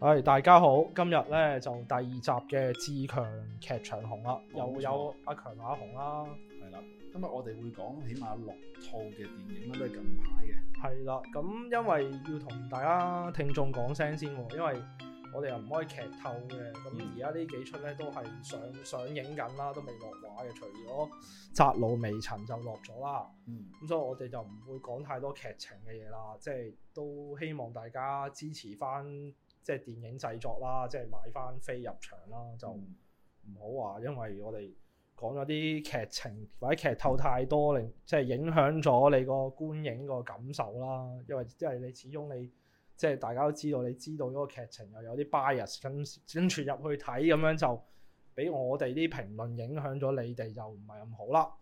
係、hey，大家好，今日咧就第二集嘅《自強劇場鴻》啦，又有阿強阿鴻啦、啊。係啦，今日我哋會講起碼六套嘅電影啦，的都係近排嘅。係啦，咁因為要同大家聽眾講聲先，因為我哋又唔可以劇透嘅。咁而家呢幾出咧都係上上映緊啦，都未落畫嘅。除咗《窄路微塵》就落咗啦。嗯，咁所以我哋就唔會講太多劇情嘅嘢啦，即係都希望大家支持翻。即係電影製作啦，即係買返飛入場啦，就唔好話、啊，因為我哋講咗啲劇情或者劇透太多，令即係影響咗你個觀影個感受啦。因為因為你始終你即係大家都知道，你知道嗰個劇情又有啲 bias，跟跟住入去睇咁樣就俾我哋啲評論影響咗你哋，就唔係咁好啦。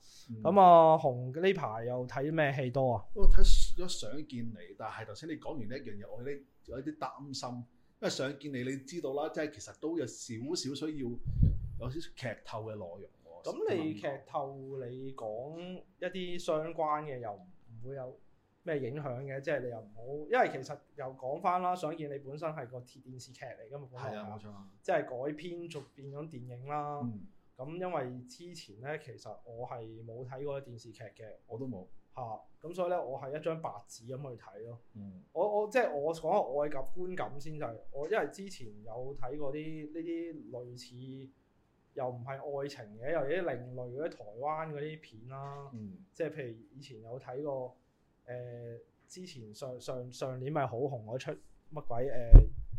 咁、嗯、啊，紅呢排又睇咩戲多啊？我睇咗想見你，但係頭先你講完呢一樣嘢，我有啲有啲擔心。因為想見你，你知道啦，即係其實都有少少需要有少少劇透嘅內容喎。咁你劇透，你講一啲相關嘅又唔會有咩影響嘅，即係你又唔好，因為其實又講翻啦，想見你本身係個電視劇嚟嘅嘛。本身。係啊，冇錯啊。即係改編，逐變咗電影啦。咁，嗯，因為之前呢，其實我係冇睇過電視劇嘅。我都冇。嚇！咁、啊、所以咧，我係一張白紙咁去睇咯、嗯。我、就是、我即係我講愛及觀感先就係我，因為之前有睇過啲呢啲類似，又唔係愛情嘅，又一啲另類嗰啲台灣嗰啲片啦、啊。即係、嗯、譬如以前有睇過誒、呃，之前上上上年咪好紅嗰出乜鬼誒誒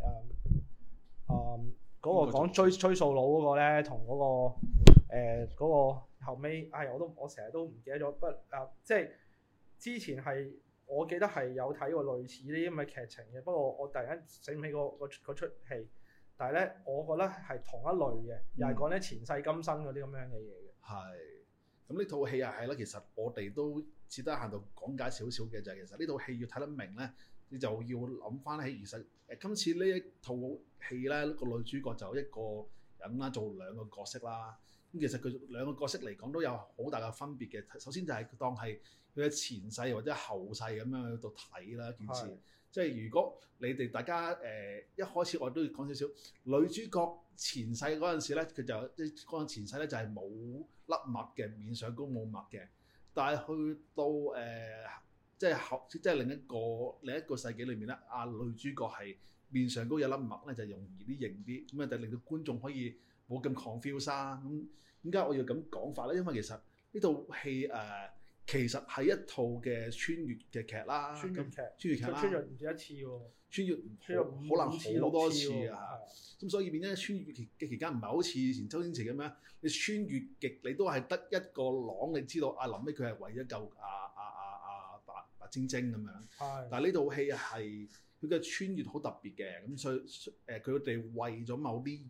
啊嗰個講追追數佬嗰個咧，同嗰、那個誒嗰、呃那個後尾哎呀我都我成日都唔記得咗不啊、呃！即係。之前係，我記得係有睇過類似啲咁嘅劇情嘅，不過我突然間醒唔起、嗰個嗰出戲。但係咧，我覺得係同一類嘅，嗯、又係講咧前世今生嗰啲咁樣嘅嘢嘅。係，咁呢套戲又係啦，其實我哋都只得限度講解少少嘅，就係其實呢套戲要睇得明咧，你就要諗翻起其實誒今次這呢一套戲咧，個女主角就一個人啦，做兩個角色啦。咁其實佢兩個角色嚟講都有好大嘅分別嘅。首先就係當係佢嘅前世或者後世咁樣去到睇啦，是的 件事，即係如果你哋大家誒、呃、一開始我都要講少少，女主角前世嗰陣時咧，佢就即係講前世咧就係冇粒墨嘅，面上高冇墨嘅。但係去到誒、呃、即係後即係另一個另一個世紀裏面咧，阿、啊、女主角係面上高有粒墨咧，就容易啲認啲，咁啊就令到觀眾可以。冇咁 confuse 啦，咁點解我要咁講法咧？因為其實呢套戲誒，其實係一套嘅穿越嘅劇啦，穿越劇，穿越劇啦。穿越唔止一次喎。穿越穿越可能好多次啊，咁所以變咗穿越劇嘅期間唔係好似以前周星馳咁樣，你穿越極你都係得一個廊，你知道啊，臨尾佢係為咗救啊啊啊啊白白晶晶咁樣。係。但係呢套戲係佢嘅穿越好特別嘅，咁所以誒佢哋為咗某啲。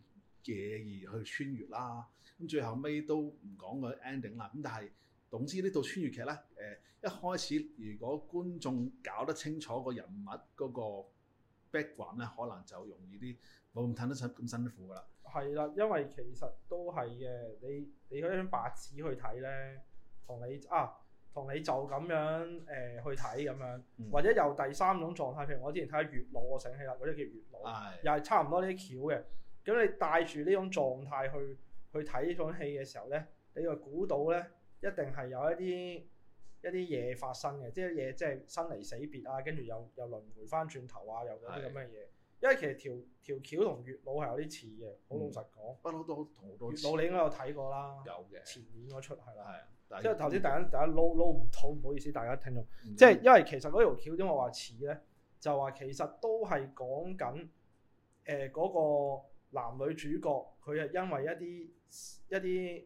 嘢而去穿越啦，咁最後尾都唔講佢 ending 啦。咁但係總之呢套穿越劇咧，誒、呃、一開始如果觀眾搞得清楚個人物嗰個 background 咧，可能就容易啲冇咁睇得咁辛苦噶啦。係啦，因為其實都係嘅，你你嗰張白紙去睇咧，同你啊，同你就咁樣誒去睇咁樣，呃樣嗯、或者有第三種狀態，譬如我之前睇《月老》我醒起啦，或者叫月老，又係的差唔多呢啲橋嘅。如果你帶住呢種狀態去去睇呢種戲嘅時候咧，你就估到咧，一定係有一啲一啲嘢發生嘅，即係啲嘢即係生離死別啊，跟住又又輪迴翻轉頭啊，又有啲咁嘅嘢。因為其實條條橋同月老係有啲似嘅，好老實講，不嬲都好多。月老你應該有睇過啦，有嘅前年嗰出係啦，即係頭先大家大家撈撈唔到，唔好意思，大家聽眾，即係因為其實嗰條橋點我話似咧，就話其實都係講緊誒嗰個。男女主角佢係因為一啲一啲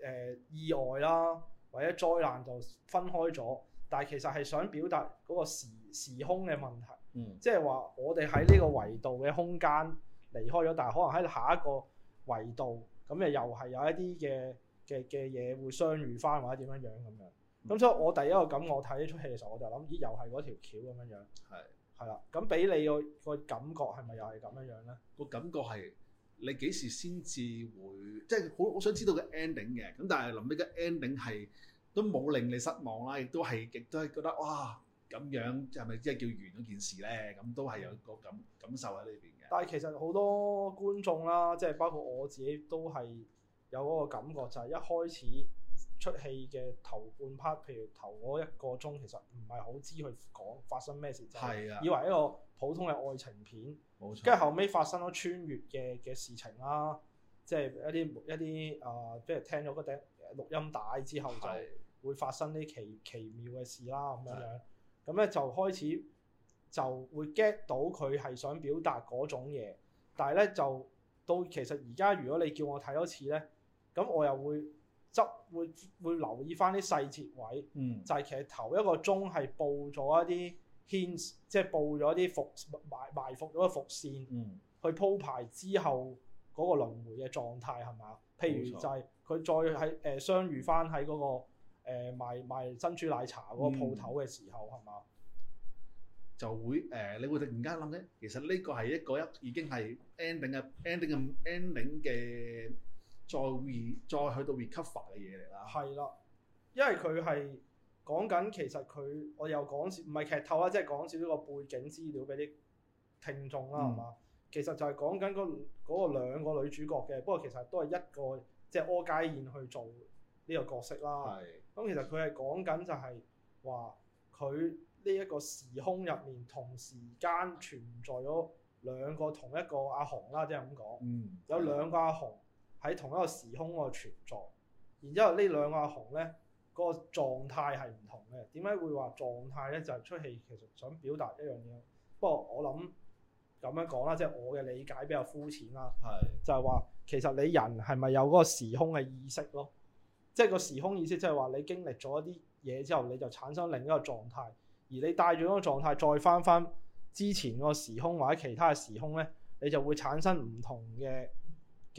誒、呃、意外啦，或者災難就分開咗，但係其實係想表達嗰個時，時空嘅問題，即係話我哋喺呢個維度嘅空間離開咗，但係可能喺下一個維度咁誒又係有一啲嘅嘅嘅嘢會相遇翻或者點樣樣咁樣。咁所以我第一個感覺我睇呢出戲嘅時候，我就諗咦又係嗰條橋咁樣。係啦，咁俾你個、嗰個感覺係咪又係咁樣樣咧？個感覺係你幾時先至會即係好好想知道嘅 ending 嘅咁，嗯、但係臨尾嘅 ending 係都冇令你失望啦，亦都係亦都係覺得哇咁樣係咪即係叫完嗰件事咧？咁都係有個感、嗯、感受喺裏邊嘅。但係其實好多觀眾啦，即係包括我自己都係有嗰個感覺，就係、係、一開始。出戲嘅頭半 part，譬如頭嗰一個鐘，其實唔係好知佢講發生咩事，嗯、以為一個普通嘅愛情片，跟住錯後尾發生咗穿越嘅嘅事情啦，即係一啲一啲啊，呃、即係聽咗個錄音帶之後的就會發生啲奇奇妙嘅事啦咁樣，咁咧的就開始就會 get 到佢係想表達嗰種嘢，但係咧就到其實而家如果你叫我睇多次咧，咁我又會。執會會留意翻啲細節位，嗯、就係其實頭一個鐘係佈咗一啲牽，即係佈咗一啲伏埋埋伏咗個伏線，嗯、去鋪排之後嗰個輪迴嘅狀態係嘛？譬如就係佢再喺誒、呃、相遇翻喺嗰個誒、呃、賣賣珍珠奶茶嗰個鋪頭嘅時候係嘛？嗯、係嘛？就會誒、呃，你會突然間諗咧，其實呢個係一個一已經係 ending 嘅 ending 嘅 ending 嘅。再會再去到 recover 嘅嘢嚟啦，係啦，因為佢係講緊其實佢，我又講唔係劇透啊，即係講少啲個背景資料俾啲聽眾啦，係嘛，嗯？其實就係講緊嗰嗰個兩個女主角嘅，不過其實都係一個即係，就是，柯佳燕去做呢個角色啦。係是，咁其實佢係講緊就係話佢呢一個時空入面同時間存在咗兩個同一個阿紅啦，即係咁講。嗯，有兩個阿紅。喺同一個時空嘅存在，然之後呢兩個阿雄呢嗰、那個狀態係唔同嘅。點解會話狀態呢？就係、是、出戲其實想表達一樣嘢。嗯、不過我諗咁樣講啦，即、就、係、是、我嘅理解比較膚淺啦。係是就係話，其實你人係咪有嗰個時空嘅意識咯？即、就、係、是、個時空意識，即係話你經歷咗一啲嘢之後，你就產生另一個狀態。而你帶住嗰個狀態再返返之前個時空或者其他嘅時空呢，你就會產生唔同嘅。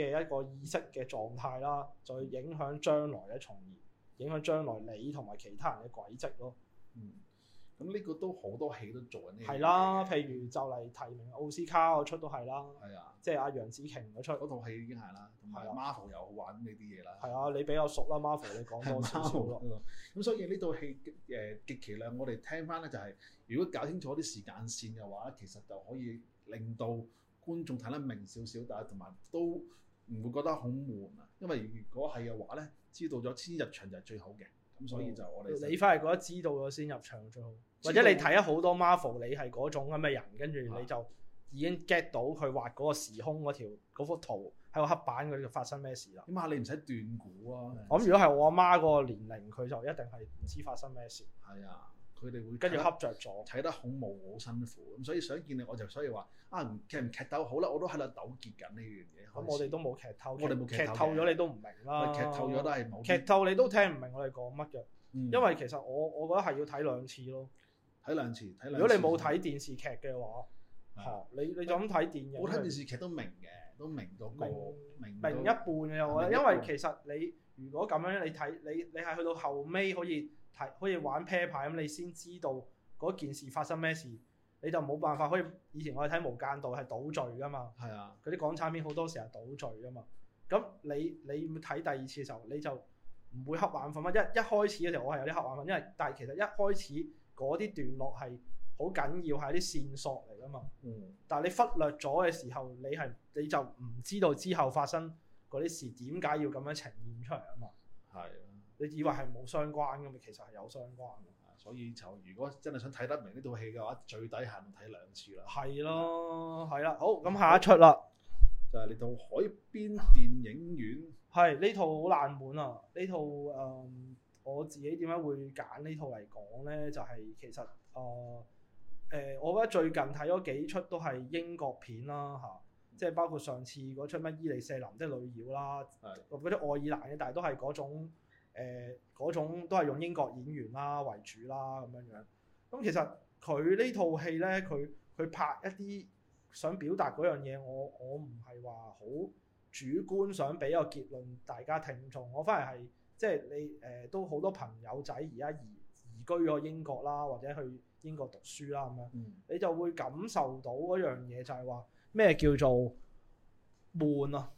嘅一個意識嘅狀態啦，就影響將來嘅從而影響將來你同埋其他人嘅軌跡咯。嗯，咁呢個都好多戲都做緊呢樣嘢嘅。係啦、啊，譬如就嚟提名奧斯卡嗰出都係啦。係啊，即係阿楊紫瓊嗰出。嗰套戲已經係啦，係 Marvel、啊、又好玩呢啲嘢啦。係啊，你比較熟啦，Marvel 你講多少少咯。咁所以呢套戲誒、呃、極其量，我哋聽翻咧就係、是，如果搞清楚啲時間線嘅話，其實就可以令到觀眾睇得明少少，但係同埋都。唔會覺得好悶啊！因為如果係嘅話咧，知道咗先入場就係最好嘅。咁所以就我哋你反而覺得知道咗先入場最好。或者你睇咗好多 Marvel，你係嗰種咁嘅人，跟住你就已經 get 到佢畫嗰個時空嗰條嗰幅圖喺個黑板嗰度發生咩事啦。起碼，你唔使斷估啊！咁如果係我阿媽嗰個年齡，佢就一定係唔知發生咩事。係啊。佢哋會跟住恰着咗，睇得好恐怖，好辛苦。咁所以想見你，我就所以話啊，劇唔劇透好啦，我都喺度糾結緊呢樣嘢。咁我哋都冇劇透，我哋冇劇透咗，你都唔明啦。劇透咗都係冇劇透，你都聽唔明我哋講乜嘅。因為其實我我覺得係要睇兩次咯，睇兩次。睇兩如果你冇睇電視劇嘅話，你你就咁睇電影。冇睇電視劇都明嘅，都明到個明一半嘅我。因為其實你如果咁樣你睇你你係去到後尾可以。睇可以玩 pair 牌咁，你先知道嗰件事發生咩事，你就冇辦法。可以以前我哋睇無間道係倒序噶嘛，係啊的，嗰啲港產片好多時候倒序噶嘛。咁你你睇第二次嘅時候，你就唔會黑眼瞓乜。一一開始嘅時候，我係有啲黑眼瞓，因為但係其實一開始嗰啲段落係好緊要，係啲線索嚟噶嘛。嗯。但係你忽略咗嘅時候，你係你就唔知道之後發生嗰啲事點解要咁樣呈現出嚟啊嘛。係。你以為係冇相關嘅嘛，其實係有相關嘅，嗯、所以就如果真係想睇得明呢套戲嘅話，最底下睇兩次啦。係咯的，係啦，好，咁下一出啦，就係嚟到海邊電影院。係呢套好爛本啊！呢套誒、嗯、我自己點解會揀呢套嚟講呢？就係、是、其實誒誒、呃呃，我覺得最近睇咗幾出都係英國片啦，嚇、啊，即係、嗯、包括上次嗰出乜伊尼舍林的女妖啦，或嗰啲愛爾蘭嘅，但係都係嗰種。誒，嗰、呃、種都係用英國演員啦為主啦咁樣樣。咁其實佢呢套戲呢，佢佢拍一啲想表達嗰樣嘢，我我唔係話好主觀想俾個結論大家聽眾，我反而係即係你誒、呃，都好多朋友仔而家移移居咗英國啦，或者去英國讀書啦咁樣，嗯、你就會感受到嗰樣嘢就係話咩叫做悶啊。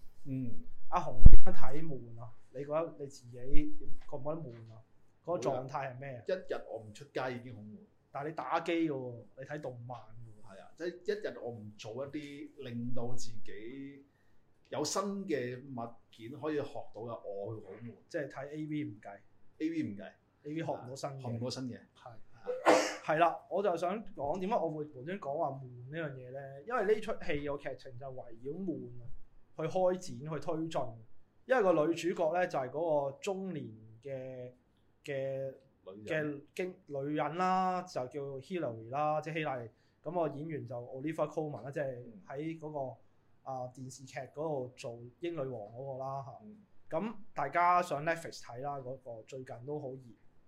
阿鴻點樣睇悶啊？你覺得你自己覺唔覺得悶啊？嗰個狀態係咩啊？一日我唔出街已經好悶。但係你打機嘅喎，你睇動漫嘅喎。係啊，即係一日我唔做一啲令到自己有新嘅物件可以學到嘅，我去好悶。即係睇 A V 唔計，A V 唔計，A V 學唔到新嘢、啊，學唔到新嘢。係係啦，我就想講點解我會無端端講話悶呢樣嘢咧？因為呢出戲個劇情就圍繞悶去開展去推進。因為個女主角咧就係、是、嗰個中年嘅嘅嘅經女人啦，就叫 Hilary 啦，即係希拉。咁、那個演員就 Olivia Colman 啦、嗯，即係喺嗰個啊、呃、電視劇嗰度做英女王嗰個啦嚇。咁、嗯嗯、大家上 Netflix 睇啦，嗰、那個最近都好熱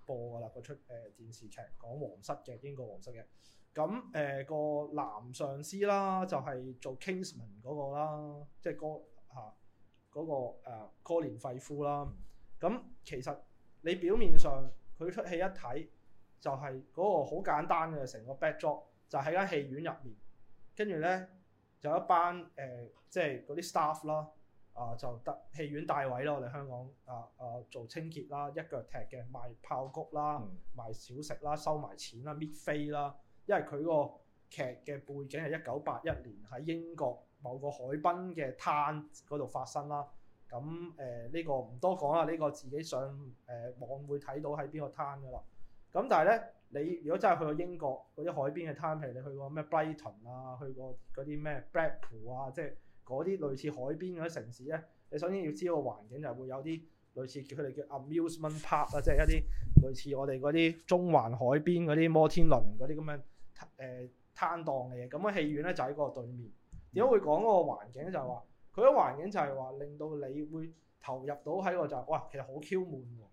播㗎啦，出誒、呃、電視劇講皇室嘅英國皇室嘅。咁誒、呃、那個男上司啦，就係、是、做 Kingsman 嗰個啦，即係哥嚇。啊。嗰、那個誒過年廢夫啦，咁、啊、其實你表面上佢出戲一睇就係、是、嗰個好簡單嘅成個 backdrop，就喺間戲院入面，跟住咧就有一班誒、呃、即係嗰啲 staff 啦，啊就大戲院帶位啦。我哋香港啊啊做清潔啦，一腳踢嘅賣爆谷啦，嗯、賣小食啦，收埋錢啦，搣飛啦，因為佢個劇嘅背景係一九八一年喺、嗯、英國。某個海濱嘅灘嗰度發生啦，咁誒呢個唔多講啦，呢、這個自己上誒網會睇到喺邊個灘噶啦。咁但係咧，你如果真係去過英國嗰啲海邊嘅灘，譬如你去過咩 Brighton 啊，去過嗰啲咩 Blackpool 啊，即係嗰啲類似海邊嗰啲城市咧，你首先要知道環境就會有啲類似叫佢哋叫 amusement park 啊，即係一啲類似我哋嗰啲中環海邊嗰啲摩天輪嗰啲咁樣誒攤檔嘅嘢。咁嘅戲院咧就喺個對面。點解會講嗰個環境？就係話佢個環境就係話令到你會投入到喺個就係哇，其實好 Q 悶喎。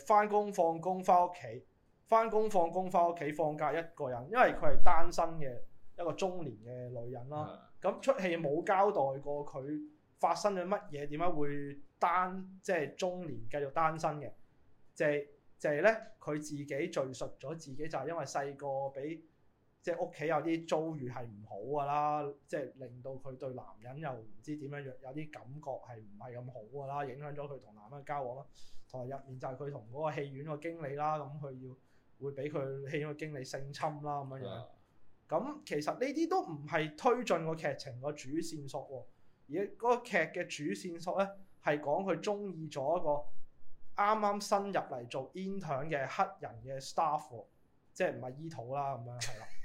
誒，翻工放工翻屋企，翻工放工翻屋企，放假一個人，因為佢係單身嘅一個中年嘅女人啦。咁出戲冇交代過佢發生咗乜嘢，點解會單即係中年繼續單身嘅？就係就係呢，佢自己敍述咗自己，就係因為細個俾。即係屋企有啲遭遇係唔好㗎啦，即係令到佢對男人又唔知點樣樣，有啲感覺係唔係咁好㗎啦，影響咗佢同男人嘅交往啦。同埋入面就係佢同嗰個戲院個經理啦，咁佢要會俾佢戲院經理性侵啦咁樣樣。咁 Yeah. 其實呢啲都唔係推進個劇情個主線索喎，而嗰個劇嘅主線索咧係講佢鍾意咗一個啱啱新入嚟做 intern 嘅黑人嘅 staff，即係唔係伊土啦咁樣係啦。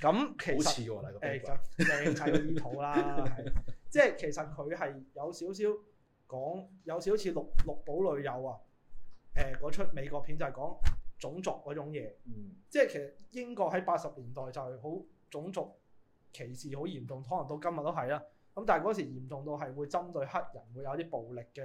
咁其實誒，正係、哦呃、意圖啦， 即係其實佢係有少少講，有少少似《綠、綠簿旅友》啊，誒、呃、嗰出美國片就係講種族嗰種嘢，嗯、即係其實英國喺八十年代就係好種族歧視好嚴重，可能到今日都係啦。咁但係嗰時嚴重到係會針對黑人會有啲暴力嘅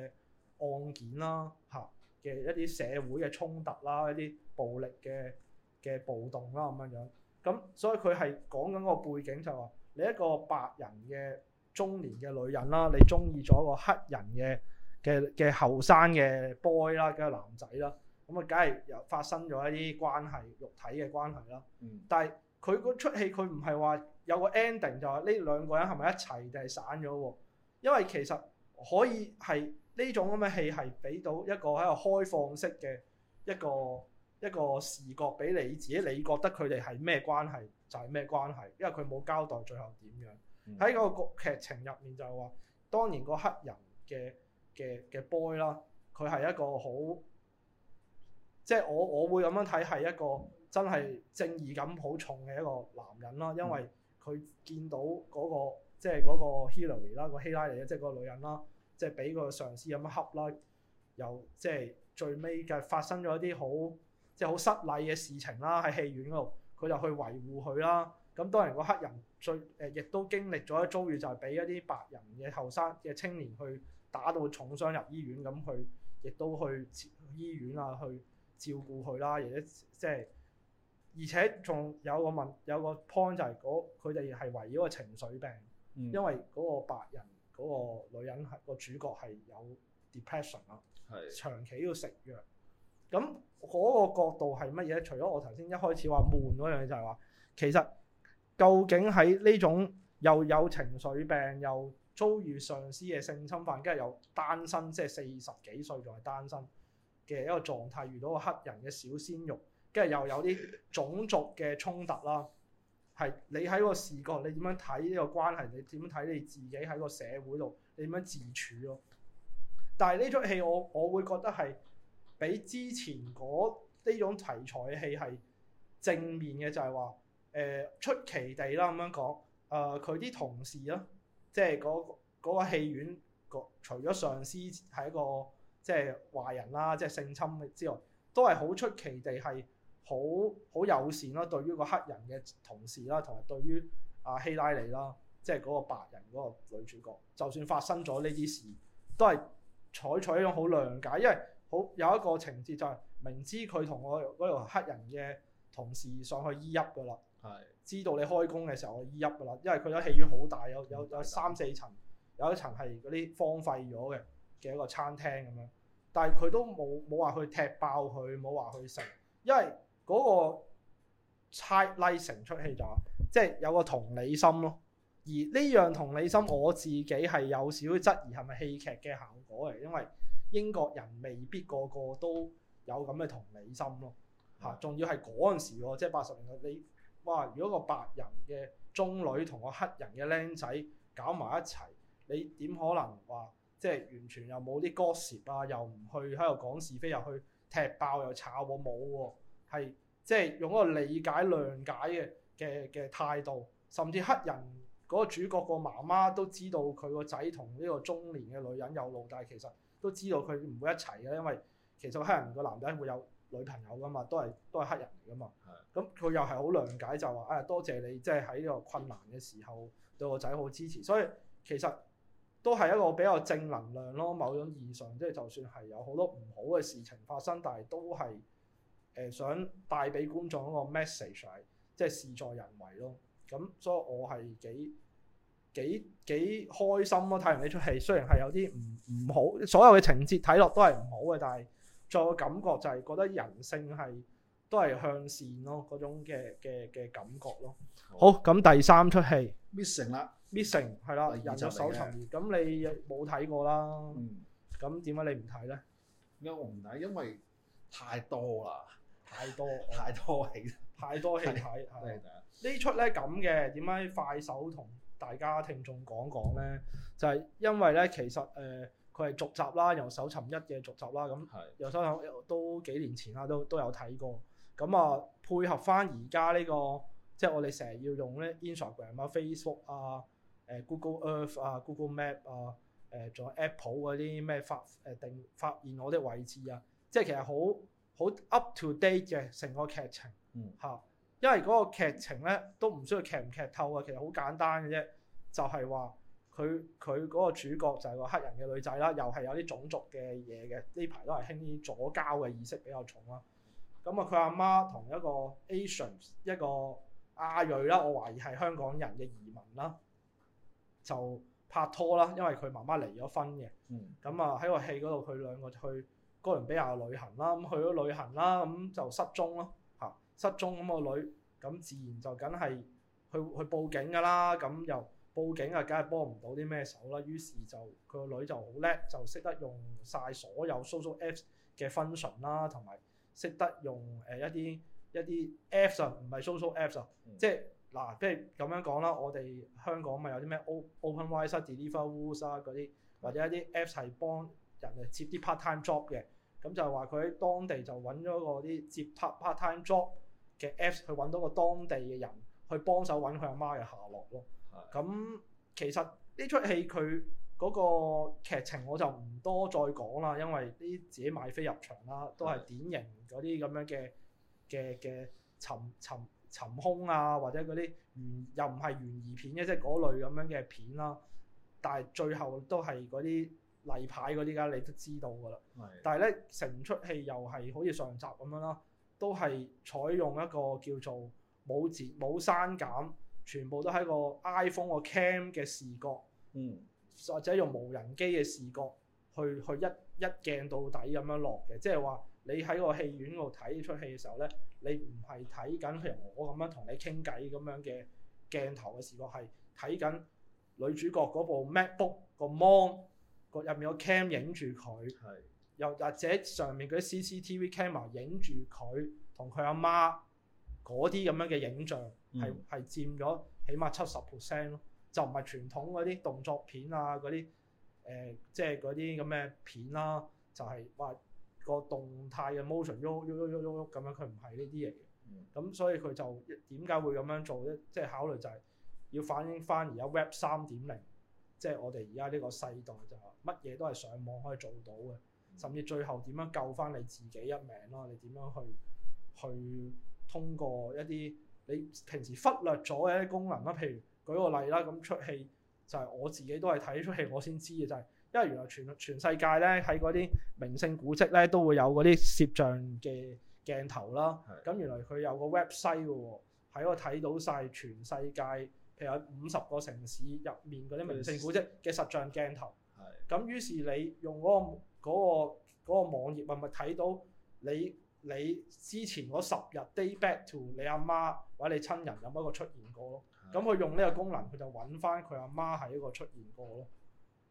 案件啦、啊，吓嘅一啲社會嘅衝突啦、啊，一啲暴力嘅嘅暴動啦、啊，咁樣樣。咁所以佢係講緊個背景就話、是、你一個白人嘅中年嘅女人啦，你中意咗個黑人嘅嘅嘅後生嘅 boy 啦，嘅男仔啦，咁啊，梗係又發生咗一啲關係，肉體嘅關係啦。但係佢嗰出戲佢唔係話有個 ending 就話呢兩個人係咪一齊定係散咗喎？因為其實可以係呢種咁嘅戲係俾到一個喺度開放式嘅一個。一個視覺俾你自己，你覺得佢哋係咩關係就係咩關係，因為佢冇交代最後點樣。喺、嗯、個劇情入面就係話，當然個黑人嘅嘅嘅 boy 啦，佢係一個好，即、就、係、是、我我會咁樣睇係一個真係正義感好重嘅一個男人啦，因為佢見到嗰、那個即係嗰個 Hillary 啦、嗯，個希拉里即係個女人啦，即係俾個上司咁樣恰啦，又即係最尾嘅發生咗一啲好。即係好失禮嘅事情啦，喺戲院嗰度，佢就去維護佢啦。咁當然個黑人最誒，亦都經歷咗一遭遇，就係俾一啲白人嘅後生嘅青年去打到重傷入醫院，咁佢亦都去醫院啊，去照顧佢啦，或者即係而且仲有個問，有個 point 就係佢哋係圍繞個情緒病，嗯、因為嗰個白人嗰、嗰個女人係、嗰個主角係有 depression 啦的，長期要食藥咁。嗰個角度係乜嘢咧？除咗我頭先一開始話悶嗰樣嘢，就係話其實究竟喺呢種又有情緒病，又遭遇上司嘅性侵犯，跟住又單身，即係四十幾歲仲係單身嘅一個狀態，遇到個黑人嘅小鮮肉，跟住又有啲種族嘅衝突啦，係你喺個視角，你點樣睇呢個關係？你點樣睇你自己喺個社會度你點樣自處咯？但係呢出戲我我會覺得係。比之前嗰呢種題材嘅戲係正面嘅，就係話誒出奇地啦咁樣講，誒佢啲同事啦，即係嗰嗰個戲院除咗上司係一個即係壞人啦，即係、啊、性侵之外，都係好出奇地係好好友善咯、啊。對於個黑人嘅同事啦、啊，同埋對於啊希拉里啦、啊，即係嗰個白人嗰、嗰個女主角，就算發生咗呢啲事，都係採取一種好諒解，因為。有一個情節就係明知佢同我嗰度黑人嘅同事上去醫泣噶啦，是的 知道你開工嘅時候去醫泣噶啦，因為佢間戲院好大，有有有三四層，有一層係嗰啲荒廢咗嘅嘅一個餐廳咁樣，但係佢都冇冇話去踢爆佢，冇話去食，因為嗰個差拉成出戲就係即係有個同理心咯，而呢樣同理心我自己係有少少質疑係咪戲劇嘅效果嚟，因為。英國人未必個個都有咁嘅同理心咯，嚇、嗯，仲、啊、要係嗰陣時喎，即係八十年代，你哇，如果個白人嘅中女同個黑人嘅僆仔搞埋一齊，你點可能話即係完全 ossip，又冇啲 gossip 啊，又唔去喺度講是非，又去踢爆又炒我冇喎，係即係用嗰個理解、諒解嘅嘅嘅態度，甚至黑人嗰個主角個媽媽都知道佢個仔同呢個中年嘅女人有路，但係其實。都知道佢唔會一齊嘅，因為其實黑人個男仔會有女朋友噶嘛，都係都係黑人嚟噶嘛。咁佢又係好諒解，就話啊、哎、多謝你，即係喺呢個困難嘅時候對我仔好支持。所以其實都係一個比較正能量咯，某種意義上，即、就、係、是、就算係有好多唔好嘅事情發生，但係都係誒想帶俾觀眾一個 message 係，即係事在人為咯。咁所以我係幾幾幾開心咯！睇完呢齣戲，雖然係有啲唔唔好，所有嘅情節睇落都係唔好嘅，但係再感覺就係覺得人性係都係向善咯，嗰種嘅嘅嘅感覺咯。好，咁第三齣戲，Missing 啦，Missing 係啦，人肉搜尋，咁你冇睇過啦。咁點解你唔睇咧？因為我唔睇，因為太多啦，太多太多戲，太多戲睇。呢齣咧咁嘅，點解快手同？大家聽眾講講咧，就係、是、因為咧，其實誒佢係續集啦，由《搜尋一》嘅續集啦，咁、嗯、由搜尋都幾年前啦，都都有睇過。咁啊，配合翻而家呢個，即係我哋成日要用咧 Instagram 啊、Facebook 啊、誒、呃、Google Earth 啊、Google Map 啊、誒、呃、仲有 Apple 嗰啲咩發誒定、呃、發現我的位置啊，即係其實好好 up to date 嘅成個劇情。嗯。嚇！因為嗰個劇情咧都唔需要劇唔劇透嘅，其實好簡單嘅啫，就係話佢佢嗰個主角就係個黑人嘅女仔啦，又係有啲種族嘅嘢嘅，呢排都係興啲左膠嘅意識比較重啦。咁、嗯、啊，佢阿媽同一個 Asians 一個亞裔啦，我懷疑係香港人嘅移民啦，就拍拖啦，因為佢媽媽離咗婚嘅。咁啊喺個戲嗰度，佢兩個去哥倫比亞旅行啦，咁去咗旅行啦，咁就失蹤咯。失蹤，咁個女咁，自然就梗係去去報警㗎啦。咁又報警啊，梗係幫唔到啲咩手啦。於是就佢個女就好叻，就識得用晒所有 social apps 嘅 function apps, apps,、嗯、啦，同埋識得用誒一啲一啲 apps 啊，唔係 social apps 啊，即係嗱即係咁樣講啦。我哋香港咪有啲咩 OpenRice、Deliveroo 啊嗰啲，或者一啲 apps 係幫人哋接啲 part time job 嘅。咁就係話佢喺當地就揾咗個啲接 part part time job 嘅 Apps 去揾到個當地嘅人去幫手揾佢阿媽嘅下落咯。咁的其實呢出戲佢嗰個劇情我就唔多再講啦，因為呢啲自己買飛入場啦，都係典型嗰啲咁樣嘅嘅嘅尋尋尋兇啊，或者嗰啲懸又唔係懸疑片嘅，即係嗰類咁樣嘅片啦。但係最後都係嗰啲例牌嗰啲噶，你都知道噶啦。的但係呢，成出戲又係好似上集咁樣啦。都係採用一個叫做冇截冇刪減，全部都係個 iPhone 個 cam 嘅視角，嗯，或者用無人機嘅視角去去一一鏡到底咁樣落嘅，即係話你喺個戲院度睇出戲嘅時候呢，你唔係睇緊譬如我咁樣同你傾偈咁樣嘅鏡頭嘅視角，係睇緊女主角嗰部 MacBook 個 mon 個入面個 cam 影住佢。又或者上面嗰啲 CCTV camera 影住佢同佢阿媽嗰啲咁樣嘅影像，係係佔咗起碼七十 percent 咯。就唔係傳統嗰啲動作片啊，嗰啲，誒即係嗰啲咁嘅片啦，就係話個動態嘅 motion 喐喐喐喐喐喐咁樣，佢唔係呢啲嚟嘅。咁所以佢就點解會咁樣做咧？即係考慮就係要反映翻而家 Web 三點零，即係我哋而家呢個世代就乜嘢都係上網可以做到嘅。甚至最後點樣救翻你自己一命咯？你點樣去去通過一啲你平時忽略咗嘅一啲功能咯？譬如舉個例啦，咁出戲就係我自己都係睇出戲我先知嘅，就係、是、因為原來全全世界咧，喺嗰啲名勝古蹟咧都會有嗰啲攝像嘅鏡頭啦。咁的原來佢有個 website 嘅喎，喺度睇到晒全世界，譬如有五十個城市入面嗰啲名勝古蹟嘅實像鏡頭。咁的於是你用嗰、那個、嗯嗰個嗰個網頁係咪睇到你你之前嗰十日 day back to 你阿媽或者你親人有冇一個出現過咯？咁佢 用呢個功能，佢就揾翻佢阿媽喺個出現過咯。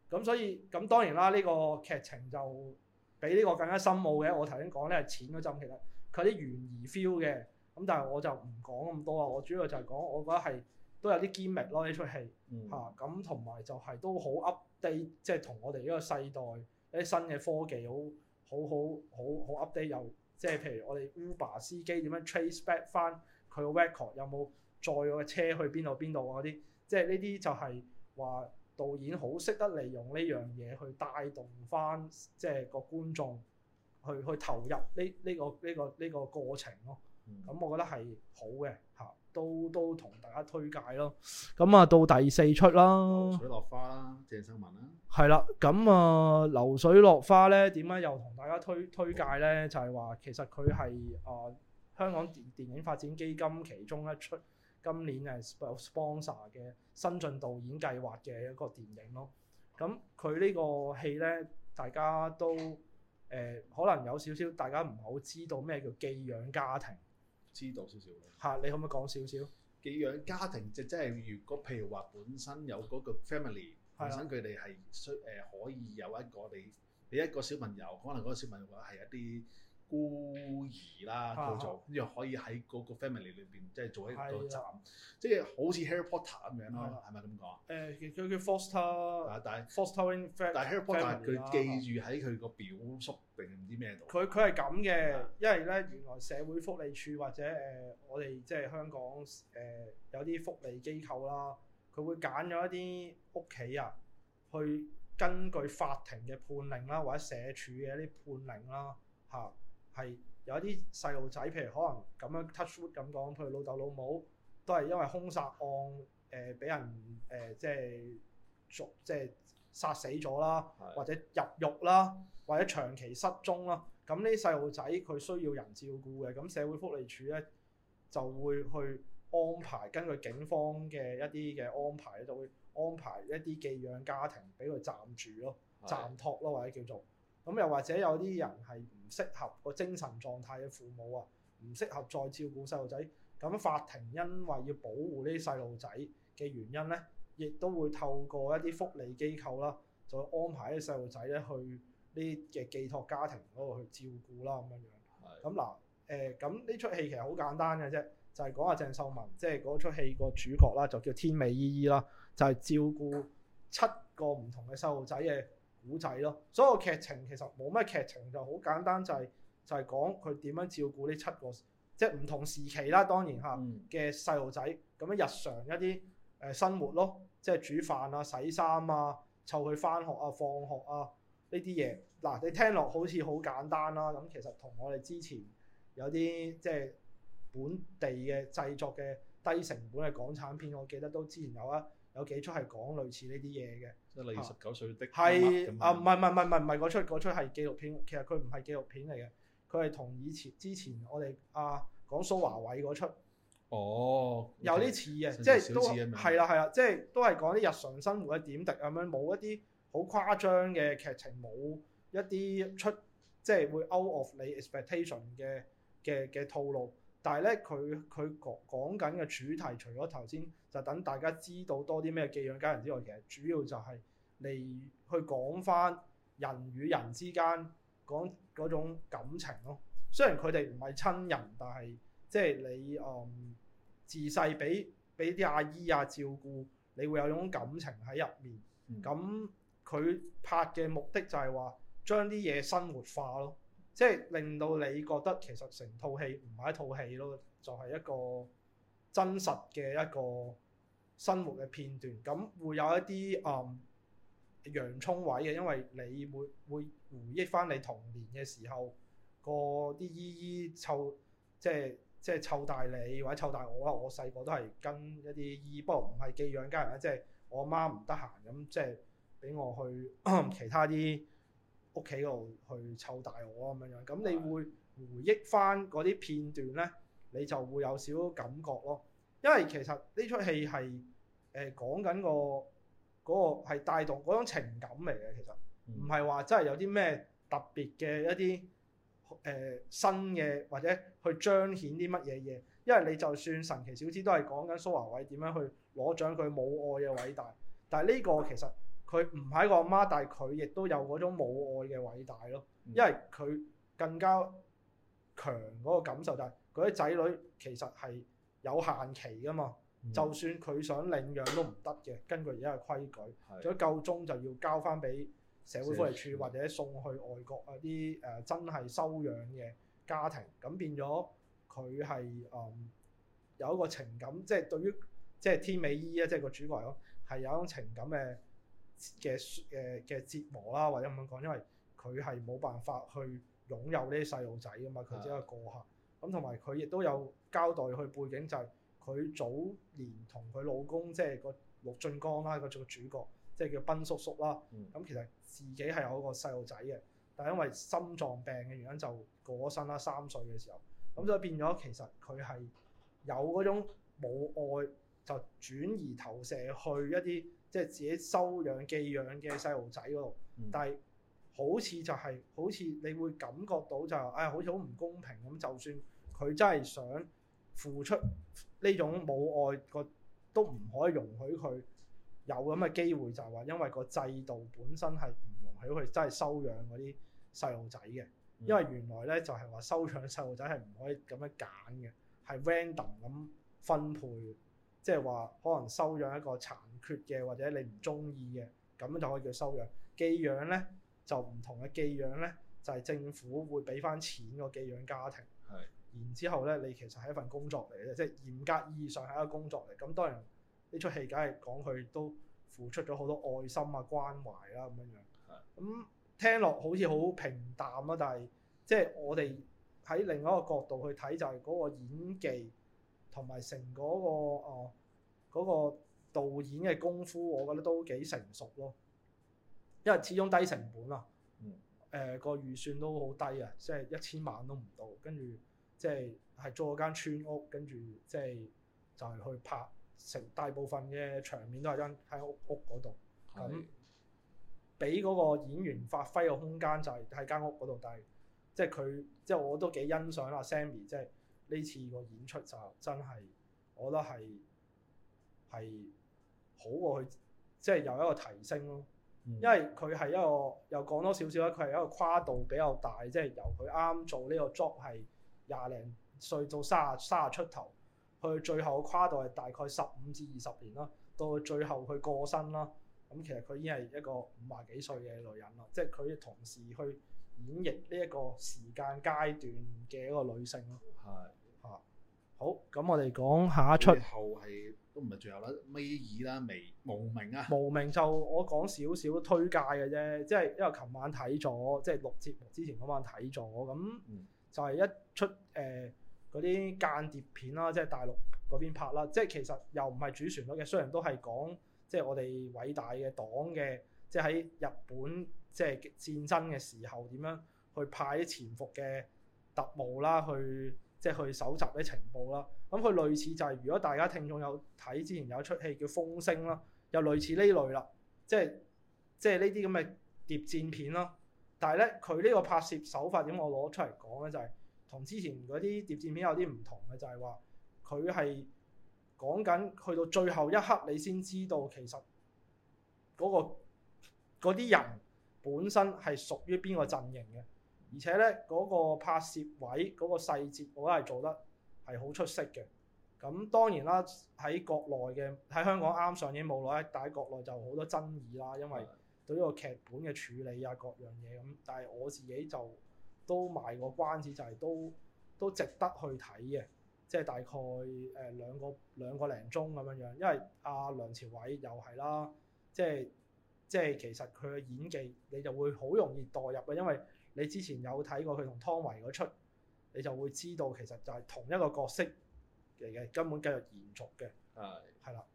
咁 所以咁當然啦，呢個劇情就比呢個更加深奧嘅。我頭先講呢係淺嗰陣，其實佢有啲懸疑 feel 嘅。咁但係我就唔講咁多啊。我主要就係講，我覺得係都有啲 gimmick 咯呢出戲嚇。咁同埋就係都好 update，即係同我哋呢個世代。啲新嘅科技好好好好好 update，又即係譬如我哋 Uber 司機點樣 trace back 翻佢個 record 有冇載個車去邊度邊度啊啲，即係呢啲就係話導演好識得利用呢樣嘢去帶動翻，即係個觀眾去去投入呢呢、呢個呢、呢個呢、呢個過程咯。咁我覺得係好嘅。都都同大家推介咯，咁、嗯、啊到第四出啦，流水落花啦，鄭秀文啦、啊，係啦，咁、嗯、啊流水落花咧，點解又同大家推推介咧？就係、是、話其實佢係啊香港電電影發展基金其中一出今年嘅 sponsor 嘅新進導演計劃嘅一個電影咯。咁佢呢個戲咧，大家都誒、呃、可能有少少大家唔係好知道咩叫寄養家庭。知道少少咯嚇、啊，你可唔可以講少少寄養家庭？就即係如果譬如話本身有嗰個 family，的本身佢哋係需誒可以有一個你你一個小朋友，可能嗰個小朋友係一啲。孤兒啦，叫做，跟住可以喺嗰個 family 裏邊，即係做一個站，即係好似 Harry Potter 咁樣咯，係咪咁講？誒，佢佢 f o s t e r 但係 fostering 但係 Harry Potter，係佢記住喺佢個表叔定唔知咩度？佢佢係咁嘅，因為咧，原來社會福利處或者誒我哋即係香港誒有啲福利機構啦，佢會揀咗一啲屋企人去根據法庭嘅判令啦，或者社署嘅一啲判令啦，嚇。係有啲細路仔，譬如可能咁樣 touch wood 咁講，佢老豆老母都係因為兇殺案誒俾、呃、人誒、呃、即係做即係殺死咗啦，或者入獄啦，或者長期失蹤啦。咁呢啲細路仔佢需要人照顧嘅，咁社會福利署咧就會去安排，根據警方嘅一啲嘅安排，就會安排一啲寄養家庭俾佢暫住咯、暫托咯，或者叫做咁。又或者有啲人係。唔適合個精神狀態嘅父母啊，唔適合再照顧細路仔。咁法庭因為要保護呢啲細路仔嘅原因呢，亦都會透過一啲福利機構啦，就安排啲細路仔咧去呢嘅寄託家庭嗰度去照顧啦，咁樣樣。咁嗱係，誒，咁呢出戲其實好簡單嘅啫，就係、是、講下鄭秀文，即係嗰出戲個主角啦，就叫天美姨姨啦，就係、是、照顧七個唔同嘅細路仔嘅。古仔咯，所有劇情其實冇咩劇情，就好簡單就係就係講佢點樣照顧呢七個即係唔同時期啦，當然嚇嘅細路仔，咁樣日常一啲誒生活咯，即係煮飯啊、洗衫啊、湊佢返學啊、放學啊呢啲嘢。嗱，你聽落好似好簡單啦，咁其實同我哋之前有啲即係本地嘅製作嘅低成本嘅港產片，我記得都之前有啊，有幾出係講類似呢啲嘢嘅。即係二十九歲的馬馬，係啊，唔係唔係唔係唔係嗰出出係紀錄片，其實佢唔係紀錄片嚟嘅，佢係同以前之前我哋啊講蘇華偉嗰出，哦，okay, 有啲似嘅，即係都係啦係啦，即係都係講啲日常生活嘅點滴咁樣，冇一啲好誇張嘅劇情，冇一啲出即係會 out of 你 expectation 嘅嘅嘅套路。但係咧，佢佢講講緊嘅主題除，除咗頭先就等大家知道多啲咩寄養家人之外，其實主要就係嚟去講翻人與人之間講嗰種感情咯。雖然佢哋唔係親人，但係即係你誒、嗯、自細俾俾啲阿姨啊照顧，你會有種感情喺入面。咁佢、嗯、拍嘅目的就係話將啲嘢生活化咯。即係令到你覺得其實成套戲唔係一套戲咯，就係一個真實嘅一個生活嘅片段。咁會有一啲嗯洋葱位嘅，因為你會會回憶返你童年嘅時候個啲姨姨湊，即係即係湊大你或者湊大我啦。我細個都係跟一啲姨，不過唔係寄養家人啦，即係我媽唔得閒咁，即係俾我去其他啲。屋企度去湊大我咁樣樣，咁你會回憶返嗰啲片段呢，你就會有少少感覺咯。因為其實呢出戲係誒、呃、講緊、那個嗰、嗰個係帶動嗰種情感嚟嘅，其實唔係話真係有啲咩特別嘅一啲誒、呃、新嘅或者去彰顯啲乜嘢嘢。因為你就算神奇小子都係講緊蘇華偉點樣去攞獎，佢母愛嘅偉大。但係呢個其實～佢唔係一個阿媽，但係佢亦都有嗰種母愛嘅偉大咯。因為佢更加強嗰個感受，就係佢啲仔女其實係有限期噶嘛。嗯、就算佢想領養都唔得嘅，根據而家嘅規矩，咁夠鍾就要交翻俾社會福利處的或者送去外國啊啲誒真係收養嘅家庭。咁變咗佢係誒有一個情感，即係對於即係天美姨啊，即係個主角嚟講係有一種情感嘅。嘅誒嘅折磨啦，或者咁樣講，因為佢係冇辦法去擁有呢啲細路仔噶嘛，佢只係一個過客。咁同埋佢亦都有交代佢背景就，就係佢早年同佢老公即係個陸駿光啦，個做主角，即係叫彬叔叔啦。咁、mm. 其實自己係有一個細路仔嘅，但係因為心臟病嘅原因就過咗身啦，三歲嘅時候。咁就變咗其實佢係有嗰種母愛，就轉移投射去一啲。即係自己收養寄養嘅細路仔嗰度，但係好似就係、係、好似你會感覺到就係，唉、哎，好似好唔公平咁。就算佢真係想付出呢種母愛，個都唔可以容許佢有咁嘅機會就，就係話因為個制度本身係唔容許佢真係收養嗰啲細路仔嘅，因為原來呢就係話收養細路仔係唔可以咁樣揀嘅，係 random 咁分配。即係話，可能收養一個殘缺嘅，或者你唔中意嘅，咁就可以叫收養。寄養呢，就唔同嘅，寄養呢，就係、是、政府會俾翻錢個寄養家庭。係。然之後呢，你其實係一份工作嚟嘅，即係嚴格意義上係一個工作嚟。咁當然呢出戲梗係講佢都付出咗好多愛心啊、關懷啦咁樣樣。係。咁聽落好似好平淡啦，但係即係我哋喺另一個角度去睇，就係、是、嗰個演技。同埋成嗰個哦嗰個導演嘅功夫，我覺得都幾成熟咯。因為始終低成本啊，誒個預算都好低啊，即係一千萬都唔到。跟住即係係租間村屋，跟住即係就係去拍成大部分嘅場面都係喺屋屋嗰度。咁俾嗰個演員發揮嘅空間就係喺間屋嗰度。但係即係佢即係我都幾欣賞阿 Sammy，即係。呢次個演出就真係，我覺得係係好過佢，即係有一個提升咯。因為佢係一個又講多少少啦，佢係一個跨度比較大，即係由佢啱做呢個 job 係廿零歲到三十三十出頭，佢最後嘅跨度係大概十五至二十年啦。到最後佢過身啦，咁其實佢已經係一個五廿幾歲嘅女人啦。即係佢同時去。演繹呢一個時間階段嘅一個女性咯，係啊。好咁我哋講下一出後係，都唔係最後尾二啦，未無名啊，無名就我講少少推介嘅啫，即係因為琴晚睇咗，即係錄節目之前嗰晚睇咗，咁就係一出誒，嗰啲間諜片啦，即係大陸嗰邊拍啦，即係其實又唔係主旋律嘅，雖然都係講即係我哋偉大嘅黨嘅，即係喺日本。即係戰爭嘅時候點樣去派啲潛伏嘅特務啦，去即係去搜集啲情報啦。咁、嗯、佢類似就係、是，如果大家聽眾有睇之前有一出戲叫《風聲》啦，又類似呢類這這啦，即係即係呢啲咁嘅諜戰片咯。但係咧，佢呢個拍攝手法點我攞出嚟講咧，就係同之前嗰啲諜戰片有啲唔同嘅，就係話佢係講緊去到最後一刻你先知道其實嗰、那個嗰啲人。本身係屬於邊個陣營嘅，而且呢嗰、那個拍攝位嗰、那個細節我都係做得係好出色嘅。咁當然啦，喺國內嘅喺香港啱上映冇耐，但係國內就好多爭議啦，因為對呢個劇本嘅處理啊各樣嘢咁。但係我自己就都賣個關子，就係、是、都都值得去睇嘅。即係大概誒兩、呃、個兩個零鐘咁樣樣，因為阿、啊、梁朝偉又係啦，即係。即係其實佢嘅演技，你就會好容易代入嘅，因為你之前有睇過佢同湯唯嗰出，你就會知道其實就係同一個角色嚟嘅，根本繼續延續嘅。係係啦，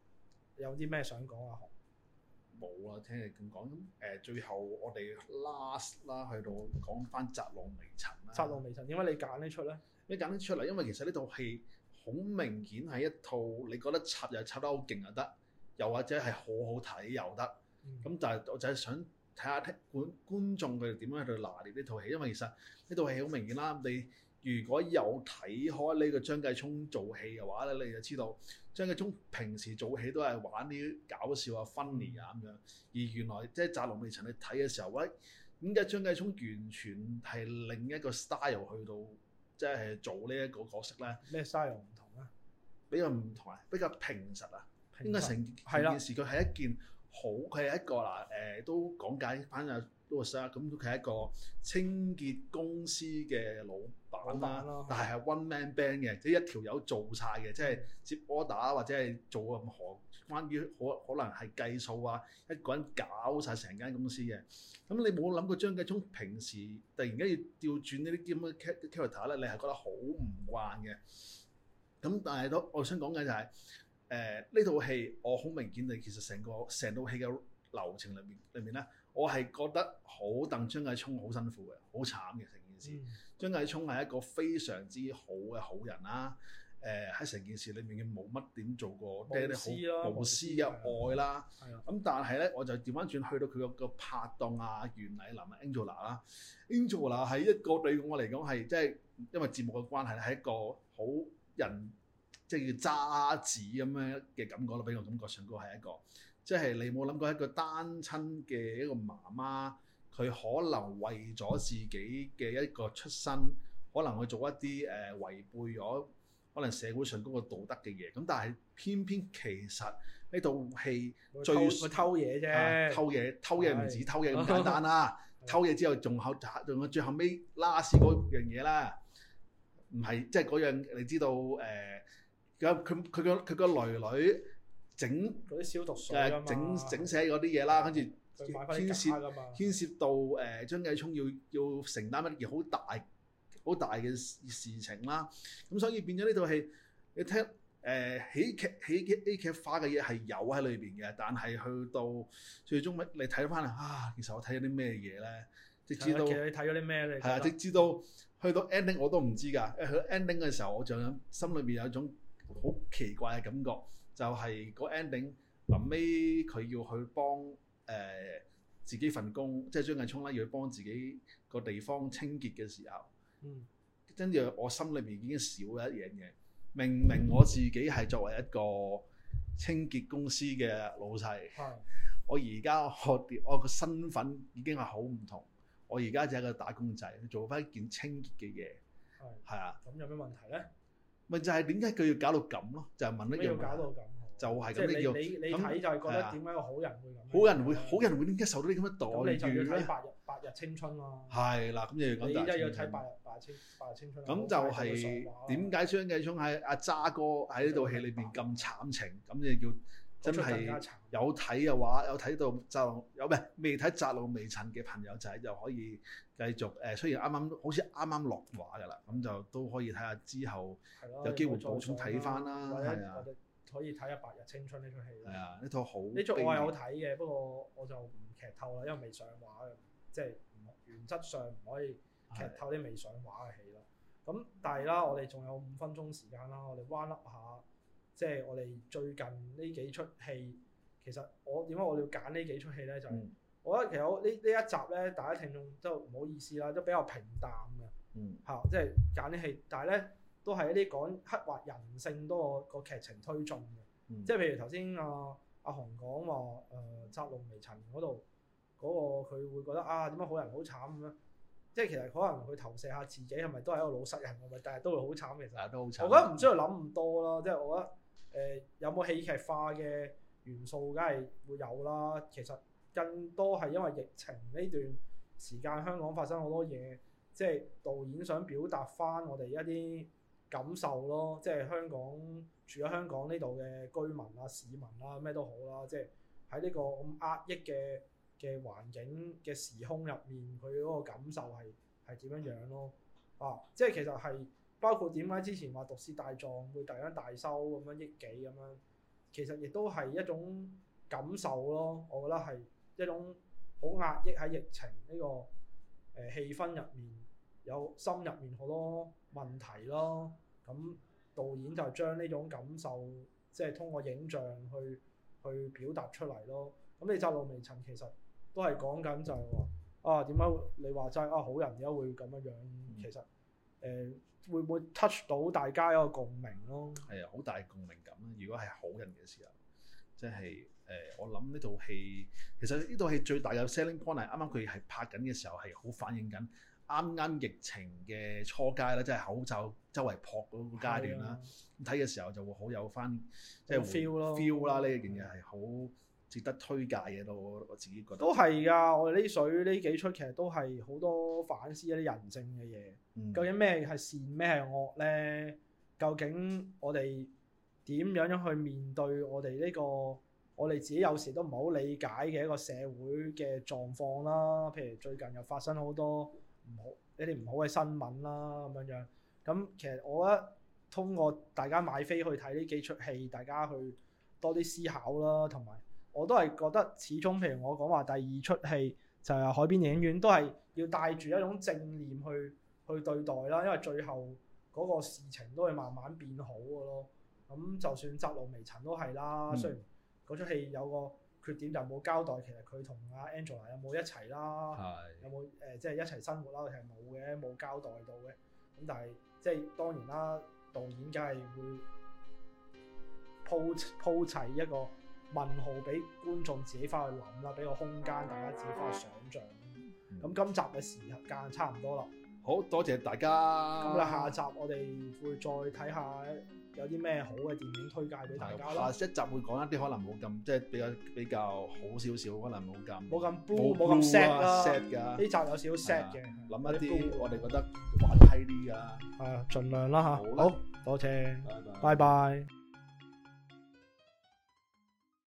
有啲咩想講啊？好，冇啊！聽你咁講誒，最後我哋 last 啦，去到講翻《窄路微塵》啦。《窄路微塵》點解你揀呢出咧？你揀呢出嚟，因為其實呢套戲好明顯係一套你覺得插又插得好勁又得，又或者係好好睇又得。咁、嗯、但係我就係想睇下聽觀觀眾佢哋點樣去拿捏呢套戲，因為其實呢套戲好明顯啦。你如果有睇開呢個張繼聰做戲嘅話咧，你就知道張繼聰平時做戲都係玩啲搞笑啊、嗯、funny 啊咁樣，而原來即係《窄路微塵》未曾去睇嘅時候，喂點解張繼聰完全係另一個 style 去到即係做呢一個角色咧？咩 style 唔同啊？比較唔同啊？比較平實啊？平實？應該成平實？件事佢係、嗯嗯、一件。好，佢係一個嗱，誒、呃、都講解翻阿 Louis，咁都佢係一個清潔公司嘅老、老闆啦，但係係 one man band 嘅，即係、嗯、一條友做晒嘅，即、就、係、是、接 order 或者係做任何關於可可能係計數啊，一個人搞晒成間公司嘅。咁你冇諗過張繼聰平時突然間要調轉呢啲咁嘅 character 咧，你係覺得好唔慣嘅。咁但係都我想講緊就係。誒呢套戲我好明顯地，其實成個成套戲嘅流程裏面裏面咧，我係覺得好戥張繼聰好辛苦嘅，好慘嘅成件事。嗯、張繼聰係一個非常之好嘅好人啦。誒喺成件事裏面，佢冇乜點做過，啲好無私嘅愛啦。咁但係咧，的我就調翻轉去到佢個拍檔啊，袁麗林 Angela，啊，Angela 啦，Angela 係一個對我嚟講係即係因為節目嘅關係，係一個好人。即係要揸子咁樣嘅感覺咯，俾我感覺上高係一個，即係你冇諗過一個單親嘅一個媽媽，佢可能為咗自己嘅一個出身，可能去做一啲誒、呃、違背咗可能社會上嗰個道德嘅嘢。咁但係偏偏其實呢套戲最偷嘢啫、啊，偷嘢偷嘢唔止偷嘢咁是簡單啦、啊， 偷嘢之後仲好仲有最後尾拉屎嗰樣嘢啦，唔係即係嗰樣你知道誒？呃佢佢佢個佢個囡囡整嗰啲消毒水整整寫嗰啲嘢啦，跟住牽涉牽涉到誒、呃、張繼聰要要承擔一件好大好大嘅事情啦。咁所以變咗呢套戲，你聽誒、呃、喜劇喜劇 A 劇化嘅嘢係有喺裏邊嘅，但係去到最終咪你睇到翻啊，其實我睇咗啲咩嘢咧？直至到睇咗啲咩咧？係啊，直至到去到 ending 我都唔知㗎。誒去到 ending 嘅時候，我就有心裏邊有一種好奇怪嘅感覺，就係、是、個 ending 臨尾佢要去幫誒、呃、自己份工，即係張繼聰啦，要去幫自己個地方清潔嘅時候，嗯，跟住我心裏面已經少咗一樣嘢，明明我自己係作為一個清潔公司嘅老細，係的，我而家我我個身份已經係好唔同，我而家就係一個打工仔，做翻一件清潔嘅嘢，係的，係啊的，咁有咩問題咧？咪就係點解佢要搞到咁咯？就係、是、問一樣，要搞到咁，到就係咁 你叫。即係你你你睇就係覺得點解個好人會咁？好人會好人會點解受到呢咁嘅待遇？咁、啊啊、你就要睇《八日八日青春、啊》咯。係 啦，咁、啊、 你，要咁。你又要睇《八日八青八日青春、啊》？咁、 啊、就係點解張繼聰喺阿渣哥喺呢套戲裏邊咁慘情？咁你叫？真係有睇嘅話，有睇到窄路，有唔未睇窄路微塵嘅朋友仔，就可以繼續誒、呃。雖然啱啱好似啱啱落畫嘅啦，咁就都可以睇下，之後有機會的補充睇翻啦。係啊，我哋可以睇下《白日青春》呢出戲。係啊，呢套好。呢出我係好睇嘅，不過我就唔劇透啦，因為未上畫，即係原則上唔可以劇透啲未上畫嘅戲咯。咁的但係啦，我哋仲有五分鐘時間啦，我哋彎笠下。即係我哋最近呢幾出戲，其實我點解我哋要揀呢幾出戲咧？就係、是、我覺得其實呢呢一集咧，大家聽眾都唔好意思啦，都比較平淡嘅嚇。即係揀啲戲，但係咧都係一啲講刻畫人性多過劇情推進嘅。嗯、即係譬如頭先、啊、阿阿鴻講話誒，窄路微塵嗰度嗰個佢會覺得啊，點解好人好慘咁樣？即係其實可能佢投射下自己係咪都係一個老實人？我咪但係都會好慘。其實都好慘。我覺得唔需要諗咁多啦，即、就、係、是、我覺得。誒、呃、有冇戲劇化嘅元素，梗係會有啦。其實更多係因為疫情呢段時間，香港發生好多嘢，即係導演想表達翻我哋一啲感受咯。即係香港住喺香港呢度嘅居民啊、市民啦、啊，咩都好啦，即係喺呢個咁壓抑嘅嘅環境嘅時空入面，佢嗰個感受係係點樣樣咯？啊，即係其實係。包括點解之前話毒舌大狀會突然間大收咁樣億幾咁樣，其實亦都係一種感受咯。我覺得係一種好壓抑喺疫情呢、這個誒、呃、氣氛入面，有心入面好多問題咯。咁導演就將呢種感受，即係通過影像去去表達出嚟咯。咁你《窄路微塵》其實都係講緊就係話啊，點解你話齋啊，好人點解會咁樣樣？嗯、其實誒。呃會唔會 touch 到大家一個共鳴咯？係啊，好大共鳴感啦！如果係好人嘅、呃、時候，即係誒，我諗呢套戲其實呢套戲最大嘅 selling point，啱啱佢係拍緊嘅時候係好反映緊啱啱疫情嘅初階啦，即係口罩周圍撲嗰個階段啦。睇嘅時候就會好有翻，即係 feel feel 啦呢件嘢係好。值得推介嘅都我自己覺得，得都係㗎。我哋呢水呢幾出其實都係好多反思一啲人性嘅嘢。嗯、究竟咩係善，咩係惡咧？究竟我哋點樣樣去面對我哋呢、這個我哋自己有時都唔好理解嘅一個社會嘅狀況啦。譬如最近又發生好多唔好一啲唔好嘅新聞啦，咁樣樣。咁其實我覺得通過大家買飛去睇呢幾出戲，大家去多啲思考啦，同埋～我都係覺得，始終譬如我講話第二出戲就係，是《海邊電影院》，都係要帶住一種正念去去對待啦，因為最後嗰個事情都會慢慢變好嘅咯。咁就算《窄路微塵》都係啦，嗯、雖然嗰出戲有個缺點就冇交代，其實佢同阿 Angela 有冇一齊啦，是的 有冇誒即係一齊生活啦，其實冇嘅，冇交代到嘅。咁但係即係當然啦，導演梗係會鋪鋪砌一個。問號俾觀眾自己翻去諗啦，俾個空間大家自己翻去想像。咁今集嘅時間差唔多啦，好多謝大家。咁啊，下集我哋會再睇下有啲咩好嘅電影推介俾大家啦。下一集會講一啲可能冇咁即係比較比較好少少，可能冇咁冇咁 boo 冇咁 sad 噶。呢集有少 sad 嘅，諗一啲我哋覺得玩 hi 啲噶，係啊，盡量啦嚇。好，多謝，拜拜。